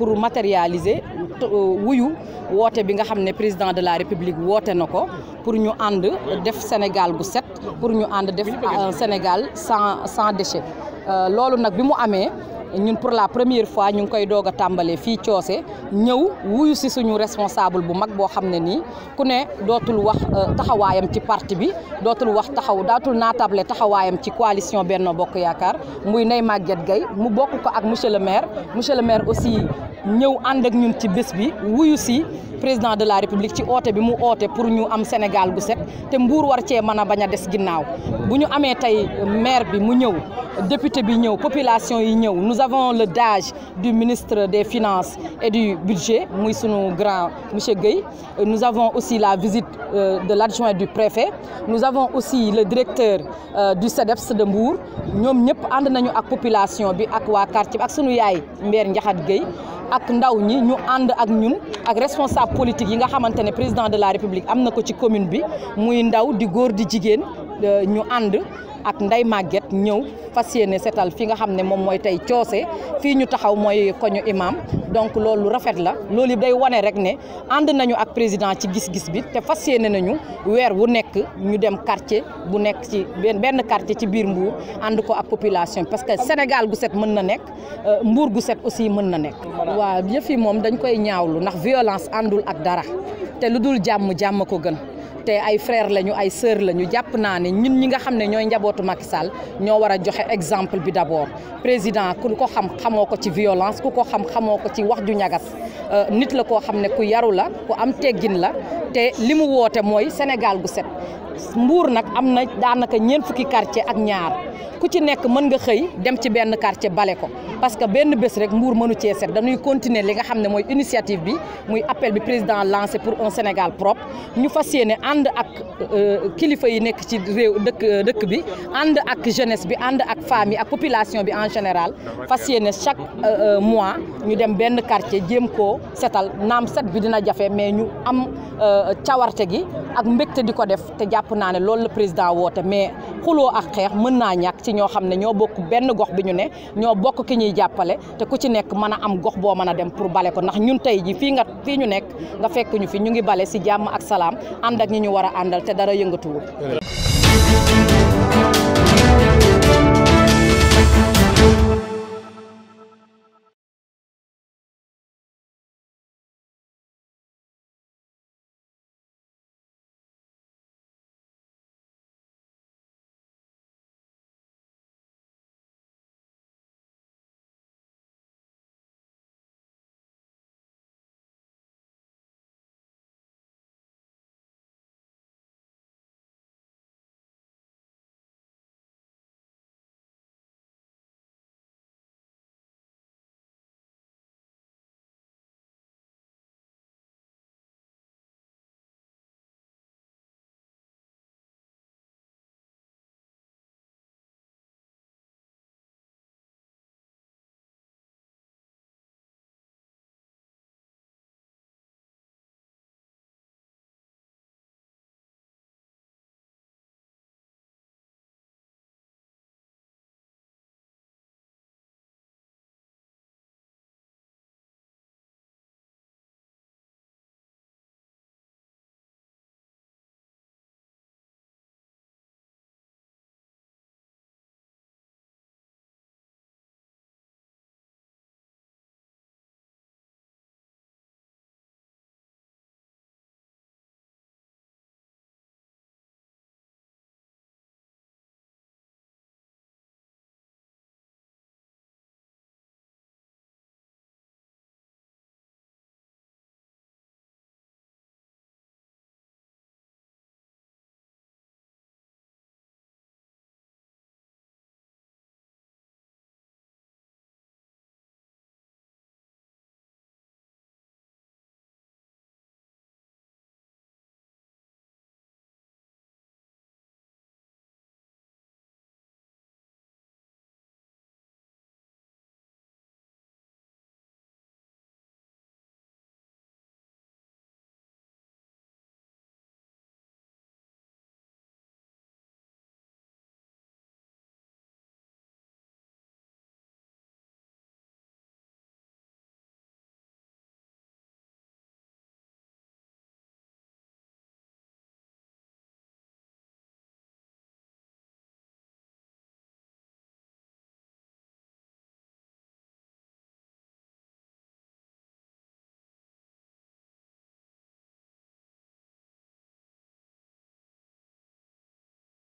pour matérialiser euh, wuyu woote bi nga xam président de la république woote na pour ñu ànd def Sénégal gu set pour ñu ànd def euh, Sénégal sans sans déchets. Euh, nag bi mu amee ñun pour la première fois ñu ngi koy doog a tàmbalee fii coose wuyu ci suñu responsable bu mag bo xamné ni ku ne dotul wax euh, taxawayam ci parti bi dotul wax taxaw dootul naatable taxawayam ci coalition Benno Bokk Yaakaar muy ney Maguette gay mu bokk ko ak monsieur le maire monsieur le maire aussi ñëw ànd ak ñu ci bés bi wuyu si président de la république ci oote bi mu pour ñu am Sénégal gu set té Mbour war ci mëna baña dess ginnaw bu maire bi mu ñëw député bi ñëw population yi ñëw nous avons le DAGE du ministre des finances et du budget muy sunu grand monsieur Guèye nous avons aussi la visite euh, de l'adjoint du préfet nous avons aussi le directeur euh, du CEDEPS de Mbour ñom ñëpp and nañu ak population bi ak wa quartier ak sunu yaay maire Ndiakhate Guèye ak ndaw ñi ñu and ak ñun ak responsable bloc yi nga xamante ne président de la république am na ko ci commune bi muy ndaw di góor di jigéen euh, ñu ànd ak ndey Maguette ñëw fas yéene setal fi nga xam ne moom mooy tey coose fii ñu taxaw mooy koñu imam donc loolu rafet la loolu day wane rek ne ànd nañu ak président ci gis-gis bi te fas yéene nañu weer wu nekk ñu dem quartier bu nekk ci benn benn quartier ci biir mbuur ànd ko ak population parce que Sénégal gu set mën na nekk euh, mbuur gu set aussi mën na nekk. waaw yëf yi moom dañ koy ñaawlu ndax violence àndul ak dara te lu dul jàmm jàmm ko gën. te ay frère lañu ay sœur lañu jàpp naa ne ñun ñi nga xam ne ñooy njabootu Macky ñoo war a joxe exemple bi d'abord président ku ko xam xamoo ko ci violence ku ko xam xamoo ko ci wax ju ñagas euh, nit la koo xam ne ku yaru la ku am teggin la te li mu woote mooy Sénégal gu set Mbour nak amna danaka daanaka fukki quartier ak ñaar ku ci nekk mën nga xey dem ci benn quartier balé ko parce que benn bés rek Mbour mënu ci set dañuy continuer li nga xamné moy initiative bi moy appel bi président lancé pour un Sénégal propre ñu fas and ak euh, kilifa yi nekk ci réew dëkk euh, dëkk bi and ak jeunesse bi and ak famille ak population bi en général fas chaque euh, mois ñu dem benn quartier jéem koo setal naam set bi dina jafe mais ñu am euh, cawarte gi ak mbégte di ko def te jàpp naa ne loolu la président woote mais xuloo ak xeex mën naa ñàkk ci ñoo xam ne ñoo bokk benn gox bi ñu ne ñoo bokk ki ñuy jàppale te ku ci nekk mën a am gox boo mën a dem pour bale ko ndax ñun tey ji fii nga fii ñu nekk nga fekkuñu ñu fi ñu ngi bale si jàmm ak salaam ànd ak ñi ñu war a àndal te dara yëngatuwul